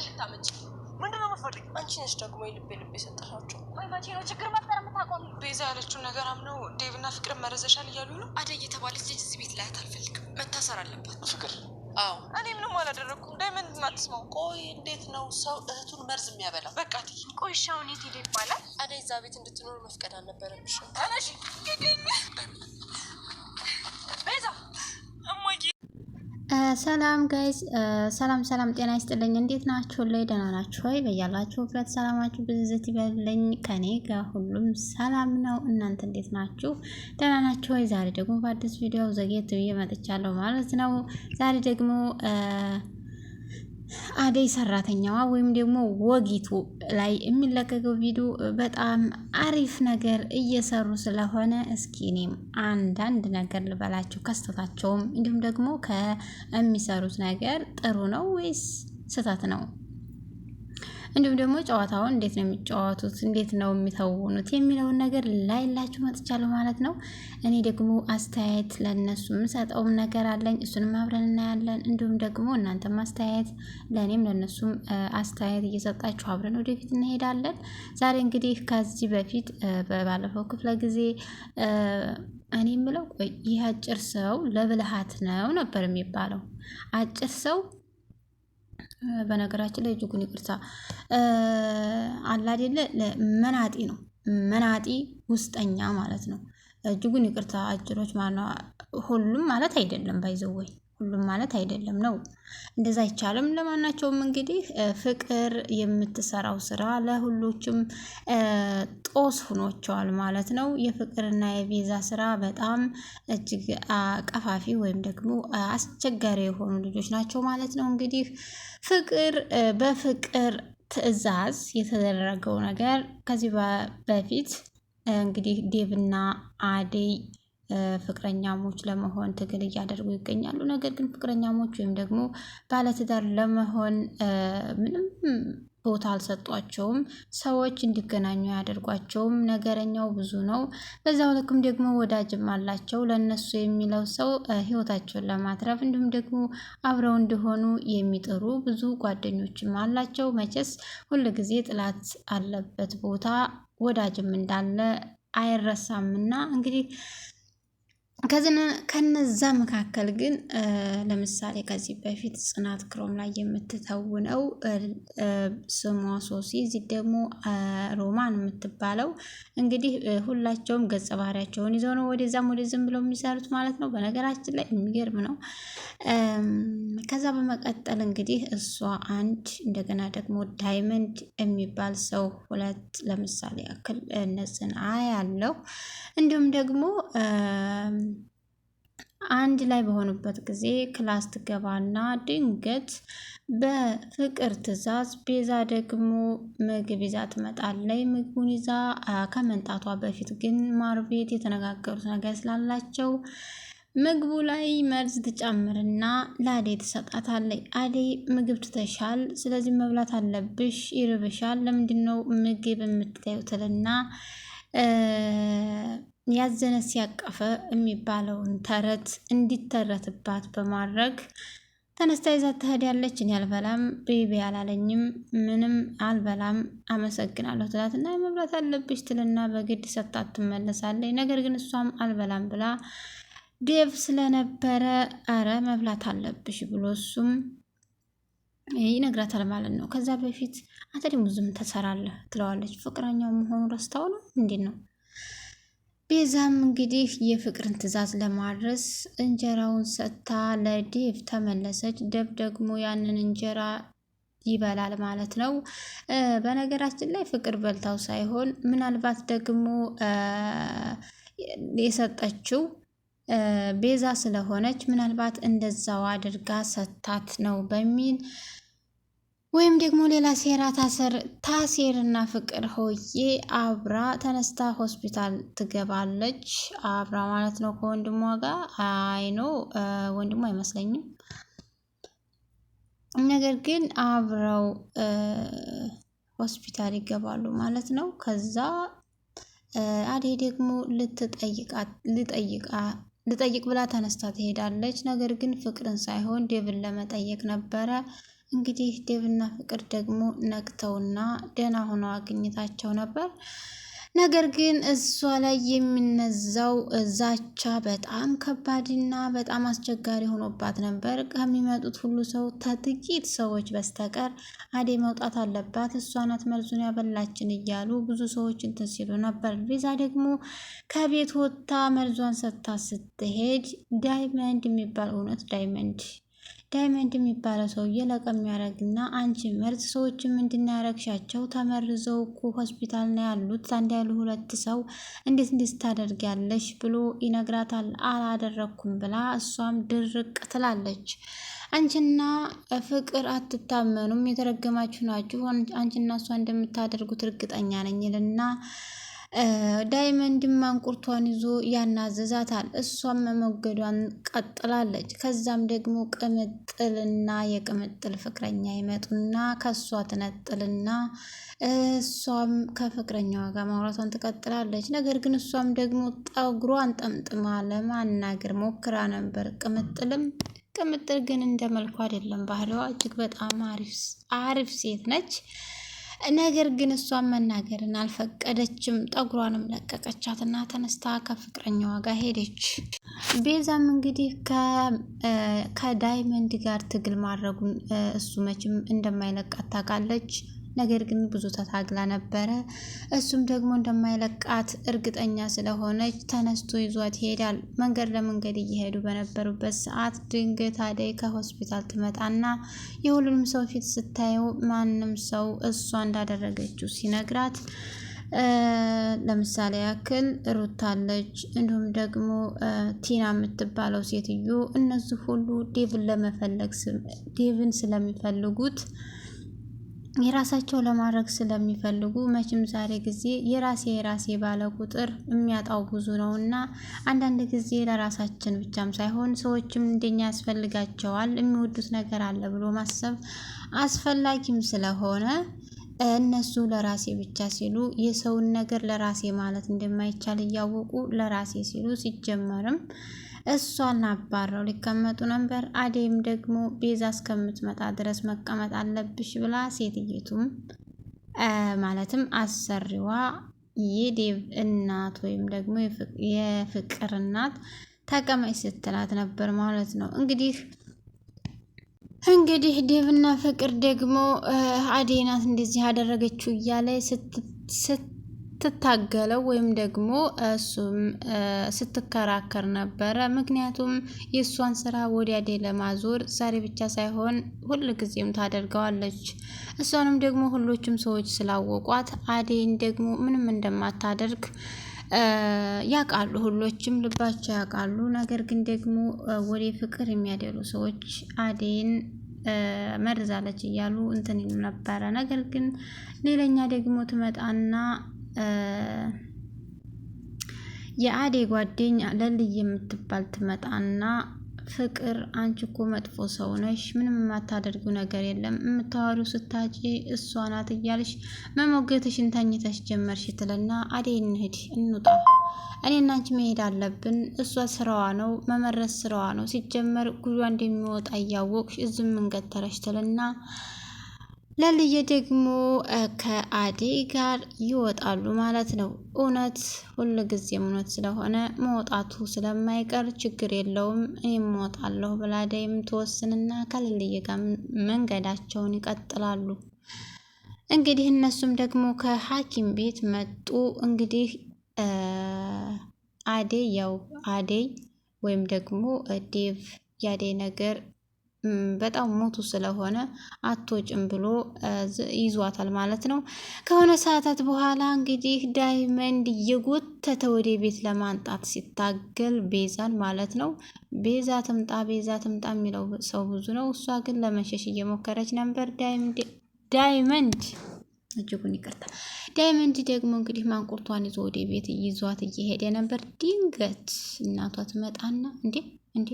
ልቤ ልታመጭ ምንድን ነው የምትፈልጊ? አንቺ ነሽ ደግሞ የልቤ ልቤ መቼ ነው ችግር መፍጠር የምታቆሚ? ቤዛ ያለችውን ነገር አምነው ዴቭና ፍቅርን መረዘሻል እያሉ ነው። አደይ የተባለች ልጅ እዚህ ቤት ላያት አልፈልግም። መታሰር አለባት ፍቅር። አዎ እኔ ምንም ዳይመንድ ማትስማው። ቆይ እንዴት ነው ሰው እህቱን መርዝ የሚያበላ? በቃ ቆይ የት ሄደ ይባላል። አደይ እዛ ቤት እንድትኖር መፍቀድ አልነበረብሽ። ተነሽ ሂጂኝ ሰላም ጋይዝ፣ ሰላም ሰላም፣ ጤና ይስጥልኝ። እንዴት ናችሁ? ላይ ደህና ናችሁ ወይ? ፍረት ሰላማችሁ ብዝዝት ይበልልኝ። ከኔ ጋር ሁሉም ሰላም ነው። እናንተ እንዴት ናችሁ? ደህና ናችሁ ወይ? ዛሬ ደግሞ በአዲስ ቪዲዮ ዘግየት ብዬ መጥቻለሁ ማለት ነው። ዛሬ ደግሞ አደይ ሰራተኛዋ ወይም ደግሞ ወጊቱ ላይ የሚለቀቀው ቪዲዮ በጣም አሪፍ ነገር እየሰሩ ስለሆነ እስኪ እኔም አንዳንድ ነገር ልበላቸው ከስተታቸውም እንዲሁም ደግሞ ከሚሰሩት ነገር ጥሩ ነው ወይስ ስህተት ነው እንዲሁም ደግሞ ጨዋታውን እንዴት ነው የሚጫወቱት፣ እንዴት ነው የሚተውኑት የሚለውን ነገር ላይላችሁ መጥቻለሁ ማለት ነው። እኔ ደግሞ አስተያየት ለነሱ የምሰጠውም ነገር አለኝ። እሱንም አብረን እናያለን። እንዲሁም ደግሞ እናንተም አስተያየት ለእኔም ለነሱም አስተያየት እየሰጣችሁ አብረን ወደፊት እንሄዳለን። ዛሬ እንግዲህ ከዚህ በፊት በባለፈው ክፍለ ጊዜ እኔ የምለው ይህ አጭር ሰው ለብልሃት ነው ነበር የሚባለው አጭር ሰው በነገራችን ላይ እጅጉን ይቅርታ አላደለ መናጢ ነው። መናጢ ውስጠኛ ማለት ነው። እጅጉን ይቅርታ አጭሮች ማለት ሁሉም ማለት አይደለም ባይዘወይ ሁሉም ማለት አይደለም ነው። እንደዛ አይቻልም። ለማናቸውም እንግዲህ ፍቅር የምትሰራው ስራ ለሁሎችም ጦስ ሁኖቸዋል ማለት ነው። የፍቅርና የቤዛ ስራ በጣም እጅግ ቀፋፊ ወይም ደግሞ አስቸጋሪ የሆኑ ልጆች ናቸው ማለት ነው። እንግዲህ ፍቅር በፍቅር ትዕዛዝ የተደረገው ነገር ከዚህ በፊት እንግዲህ ዴብና አደይ ፍቅረኛሞች ለመሆን ትግል እያደረጉ ይገኛሉ። ነገር ግን ፍቅረኛሞች ወይም ደግሞ ባለትዳር ለመሆን ምንም ቦታ አልሰጧቸውም። ሰዎች እንዲገናኙ ያደርጓቸውም። ነገረኛው ብዙ ነው። በዛው ልክም ደግሞ ወዳጅም አላቸው። ለእነሱ የሚለው ሰው ህይወታቸውን ለማትረፍ እንዲሁም ደግሞ አብረው እንደሆኑ የሚጥሩ ብዙ ጓደኞችም አላቸው። መቼስ ጊዜ ጥላት አለበት ቦታ ወዳጅም እንዳለ አይረሳምና እንግዲህ ከነዛ መካከል ግን ለምሳሌ ከዚህ በፊት ጽናት ክሮም ላይ የምትተውነው ስሟ ሶሲ፣ እዚህ ደግሞ ሮማን የምትባለው እንግዲህ ሁላቸውም ገጸ ባህሪያቸውን ይዘው ነው ወደዛም ዝም ብለው የሚሰሩት ማለት ነው። በነገራችን ላይ የሚገርም ነው። ከዛ በመቀጠል እንግዲህ እሷ አንድ፣ እንደገና ደግሞ ዳይመንድ የሚባል ሰው ሁለት፣ ለምሳሌ ያክል እነጽን ያለው እንዲሁም ደግሞ አንድ ላይ በሆኑበት ጊዜ ክላስ ትገባና ድንገት በፍቅር ትዕዛዝ ቤዛ ደግሞ ምግብ ይዛ ትመጣለች። ምግቡን ይዛ ከመንጣቷ በፊት ግን ማርቤት የተነጋገሩት ነገር ስላላቸው ምግቡ ላይ መርዝ ትጨምርና ለአዴ ትሰጣታለች። አዴ ምግብ ትተሻል፣ ስለዚህ መብላት አለብሽ፣ ይርብሻል፣ ለምንድን ነው ምግብ የምትተዩትልና ያዘነ ሲያቀፈ የሚባለውን ተረት እንዲተረትባት በማድረግ ተነስታ ይዛ ያለች። እኔ አልበላም ቤቢ አላለኝም፣ ምንም አልበላም አመሰግናለሁ ትላት እና መብላት አለብሽ ትልና በግድ ሰጣ ትመለሳለች። ነገር ግን እሷም አልበላም ብላ ዴቭ ስለነበረ አረ መብላት አለብሽ ብሎ እሱም ይነግራታል ማለት ነው። ከዛ በፊት አንተ ደግሞ ዝም ትሰራለህ ትለዋለች። ፍቅረኛው መሆኑ ረስታው ነው እንዴት ነው ቤዛም እንግዲህ የፍቅርን ትዕዛዝ ለማድረስ እንጀራውን ሰጥታ ለዴቭ ተመለሰች። ደብ ደግሞ ያንን እንጀራ ይበላል ማለት ነው። በነገራችን ላይ ፍቅር በልታው ሳይሆን ምናልባት ደግሞ የሰጠችው ቤዛ ስለሆነች ምናልባት እንደዛው አድርጋ ሰታት ነው በሚል ወይም ደግሞ ሌላ ሴራ ታስር ታሴርና ፍቅር ሆዬ አብራ ተነስታ ሆስፒታል ትገባለች። አብራ ማለት ነው ከወንድሟ ጋር አይኖ ወንድሟ አይመስለኝም። ነገር ግን አብረው ሆስፒታል ይገባሉ ማለት ነው። ከዛ አዴ ደግሞ ልጠይቅ ብላ ተነስታ ትሄዳለች። ነገር ግን ፍቅርን ሳይሆን ዴብን ለመጠየቅ ነበረ እንግዲህ ዴቭና ፍቅር ደግሞ ነቅተውና ደህና ሆነው አግኝታቸው ነበር። ነገር ግን እሷ ላይ የሚነዛው ዛቻ በጣም ከባድና በጣም አስቸጋሪ ሆኖባት ነበር። ከሚመጡት ሁሉ ሰው ከጥቂት ሰዎች በስተቀር አዴ መውጣት አለባት፣ እሷ ናት መርዙን ያበላችን እያሉ ብዙ ሰዎች እንትን ሲሉ ነበር። ቤዛ ደግሞ ከቤት ወጥታ መርዟን ሰጥታ ስትሄድ ዳይመንድ የሚባል እውነት ዳይመንድ ዳይመንድ የሚባለው ሰውዬ ለቀም ያደረግና አንቺ መርዝ ሰዎችን እንድናረግሻቸው ተመርዘው እኮ ሆስፒታል ነው ያሉት። አንድ ያሉ ሁለት ሰው እንዴት እንዴት ታደርጊያለሽ ብሎ ይነግራታል። አላደረግኩም ብላ እሷም ድርቅ ትላለች። አንቺና ፍቅር አትታመኑም፣ የተረገማችሁ ናችሁ። አንቺና እሷ እንደምታደርጉት እርግጠኛ ነኝ ይልና ዳይመንድ ማንቁርቷን ይዞ ያናዘዛታል። እሷም መመገዷን ቀጥላለች። ከዛም ደግሞ ቅምጥልና የቅምጥል ፍቅረኛ ይመጡና ከእሷ ትነጥልና እሷም ከፍቅረኛዋ ጋር ማውራቷን ትቀጥላለች። ነገር ግን እሷም ደግሞ ጠጉሯን ጠምጥማ ለማናገር ሞክራ ነበር። ቅምጥልም ቅምጥል ግን እንደ መልኩ አይደለም ባህሪዋ፣ እጅግ በጣም አሪፍ ሴት ነች። ነገር ግን እሷን መናገርን አልፈቀደችም። ጠጉሯንም ለቀቀቻትና ተነስታ ከፍቅረኛዋ ጋር ሄደች። ቤዛም እንግዲህ ከዳይመንድ ጋር ትግል ማድረጉን እሱ መቼም እንደማይለቃት ታውቃለች። ነገር ግን ብዙ ተታግላ ነበረ። እሱም ደግሞ እንደማይለቃት እርግጠኛ ስለሆነች ተነስቶ ይዟት ይሄዳል። መንገድ ለመንገድ እየሄዱ በነበሩበት ሰዓት ድንገት አደይ ከሆስፒታል ትመጣና የሁሉንም ሰው ፊት ስታየው ማንም ሰው እሷ እንዳደረገችው ሲነግራት ለምሳሌ ያክል ሩታለች እንዲሁም ደግሞ ቲና የምትባለው ሴትዮ እነዚህ ሁሉ ዴቭን ለመፈለግ ዴቭን ስለሚፈልጉት የራሳቸው ለማድረግ ስለሚፈልጉ መቼም ዛሬ ጊዜ የራሴ የራሴ ባለ ቁጥር የሚያጣው ብዙ ነው እና አንዳንድ ጊዜ ለራሳችን ብቻም ሳይሆን ሰዎችም እንደኛ ያስፈልጋቸዋል የሚወዱት ነገር አለ ብሎ ማሰብ አስፈላጊም ስለሆነ እነሱ ለራሴ ብቻ ሲሉ የሰውን ነገር ለራሴ ማለት እንደማይቻል እያወቁ ለራሴ ሲሉ ሲጀመርም እሷን አባረው ሊቀመጡ ነበር። አዴም ደግሞ ቤዛ እስከምትመጣ ድረስ መቀመጥ አለብሽ ብላ ሴትየቱም ማለትም አሰሪዋ የዴቭ እናት ወይም ደግሞ የፍቅር እናት ተቀማጭ ስትላት ነበር ማለት ነው። እንግዲህ እንግዲህ ዴቭና ፍቅር ደግሞ አዴናት እንደዚህ ያደረገችው እያለ ስት ስትታገለው ወይም ደግሞ እሱም ስትከራከር ነበረ። ምክንያቱም የእሷን ስራ ወዲያዴ ለማዞር ዛሬ ብቻ ሳይሆን ሁል ጊዜም ታደርገዋለች። እሷንም ደግሞ ሁሎችም ሰዎች ስላወቋት አዴን ደግሞ ምንም እንደማታደርግ ያቃሉ ሁሎችም ልባቸው ያውቃሉ። ነገር ግን ደግሞ ወደ ፍቅር የሚያደሉ ሰዎች አዴን መርዛለች እያሉ እንትን ነበረ። ነገር ግን ሌላኛ ደግሞ ትመጣና የአዴ ጓደኛ ለልይ የምትባል ትመጣና ፍቅር አንቺ እኮ መጥፎ ሰው ነሽ፣ ምንም የማታደርጉ ነገር የለም የምታወሪው ስታጪ እሷ ናት እያልሽ መሞገትሽን ተኝተሽ ጀመርሽ ትልና አዴ እንሂድ እንውጣ፣ እኔ እናንቺ መሄድ አለብን። እሷ ስራዋ ነው መመረስ ስራዋ ነው። ሲጀመር ጉዟ እንደሚወጣ እያወቅሽ እዝም እንገተረሽ ትልና ለልዬ ደግሞ ከአዴ ጋር ይወጣሉ ማለት ነው። እውነት ሁሉ ጊዜም እውነት ስለሆነ መውጣቱ ስለማይቀር ችግር የለውም እኔም እወጣለሁ ብላ አደይም ትወስንና ከልልዬ ጋር መንገዳቸውን ይቀጥላሉ። እንግዲህ እነሱም ደግሞ ከሐኪም ቤት መጡ። እንግዲህ አዴ ያው አዴ ወይም ደግሞ ዴቭ ያዴ ነገር በጣም ሞቱ ስለሆነ አትወጭም ብሎ ይዟታል ማለት ነው። ከሆነ ሰዓታት በኋላ እንግዲህ ዳይመንድ እየጎተተ ወደ ቤት ለማንጣት ሲታገል ቤዛን ማለት ነው። ቤዛ ትምጣ፣ ቤዛ ትምጣ የሚለው ሰው ብዙ ነው። እሷ ግን ለመሸሽ እየሞከረች ነበር። ዳይመንድ እጅጉን ይቅርታ። ዳይመንድ ደግሞ እንግዲህ ማንቁርቷን ይዞ ወደ ቤት ይዟት እየሄደ ነበር። ድንገት እናቷ ትመጣና እንዴ እንዴ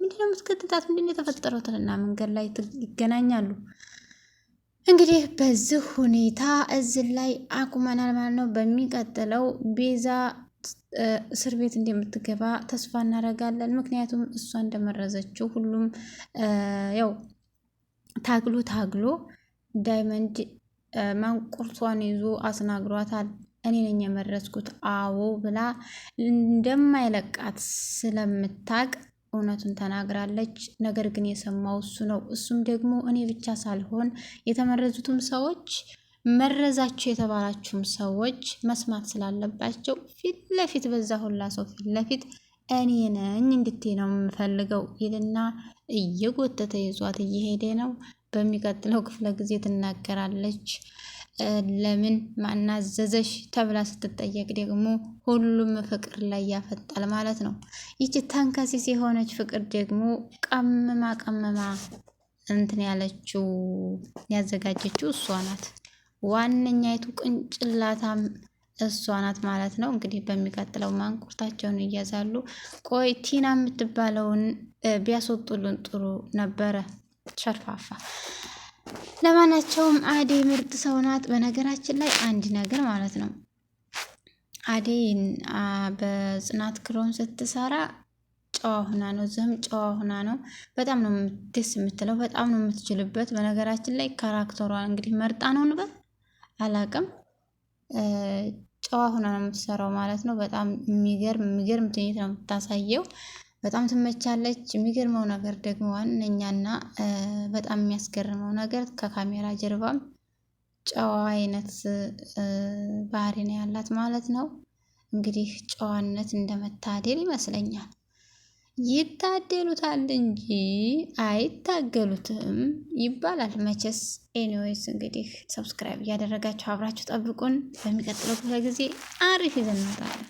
ነው የምትከትታት? ምንድነው የተፈጠረው? ትልና መንገድ ላይ ይገናኛሉ። እንግዲህ በዚህ ሁኔታ እዚህ ላይ አቁመናል ማለት ነው። በሚቀጥለው ቤዛ እስር ቤት እንደምትገባ ተስፋ እናደርጋለን። ምክንያቱም እሷ እንደመረዘችው ሁሉም ያው ታግሎ ታግሎ ዳይመንድ ማንቁርቷን ይዞ አስናግሯታል። እኔ ነኝ የመረዝኩት አዎ ብላ እንደማይለቃት ስለምታቅ እውነቱን ተናግራለች። ነገር ግን የሰማው እሱ ነው። እሱም ደግሞ እኔ ብቻ ሳልሆን የተመረዙትም ሰዎች መረዛቸው የተባላችሁም ሰዎች መስማት ስላለባቸው ፊት ለፊት በዛ ሁላ ሰው ፊት ለፊት እኔ ነኝ እንድቴ ነው የምፈልገው ይልና እየጎተተ ይዟት እየሄደ ነው። በሚቀጥለው ክፍለ ጊዜ ትናገራለች። ለምን ማናዘዘሽ ተብላ ስትጠየቅ ደግሞ ሁሉም ፍቅር ላይ ያፈጣል ማለት ነው። ይቺ ተንከሲስ የሆነች ፍቅር ደግሞ ቀመማ ቀመማ እንትን ያለችው ያዘጋጀችው እሷ ናት። ዋነኛይቱ ቅንጭላታም እሷ ናት ማለት ነው። እንግዲህ በሚቀጥለው ማንቁርታቸውን እያዛሉ። ቆይ ቲና የምትባለውን ቢያስወጡልን ጥሩ ነበረ። ሸርፋፋ ለማናቸውም አዴ ምርጥ ሰው ናት። በነገራችን ላይ አንድ ነገር ማለት ነው አዴ በጽናት ክሮም ስትሰራ ጨዋ ሁና ነው፣ ዘም ጨዋ ሁና ነው። በጣም ነው ደስ የምትለው፣ በጣም ነው የምትችልበት። በነገራችን ላይ ካራክተሯ እንግዲህ መርጣ ነው ንበል አላቅም። ጨዋ ሁና ነው የምትሰራው ማለት ነው። በጣም የሚገርም የሚገርም ትኝት ነው የምታሳየው። በጣም ትመቻለች። የሚገርመው ነገር ደግሞ ዋነኛና በጣም የሚያስገርመው ነገር ከካሜራ ጀርባም ጨዋ አይነት ባህሪ ነው ያላት ማለት ነው። እንግዲህ ጨዋነት እንደመታደል ይመስለኛል። ይታደሉታል እንጂ አይታገሉትም ይባላል መቼስ። ኤኒዌይስ እንግዲህ ሰብስክራይብ እያደረጋችሁ አብራችሁ ጠብቁን። በሚቀጥለው ክፍለ ጊዜ አሪፍ ይዘን እንመጣለን።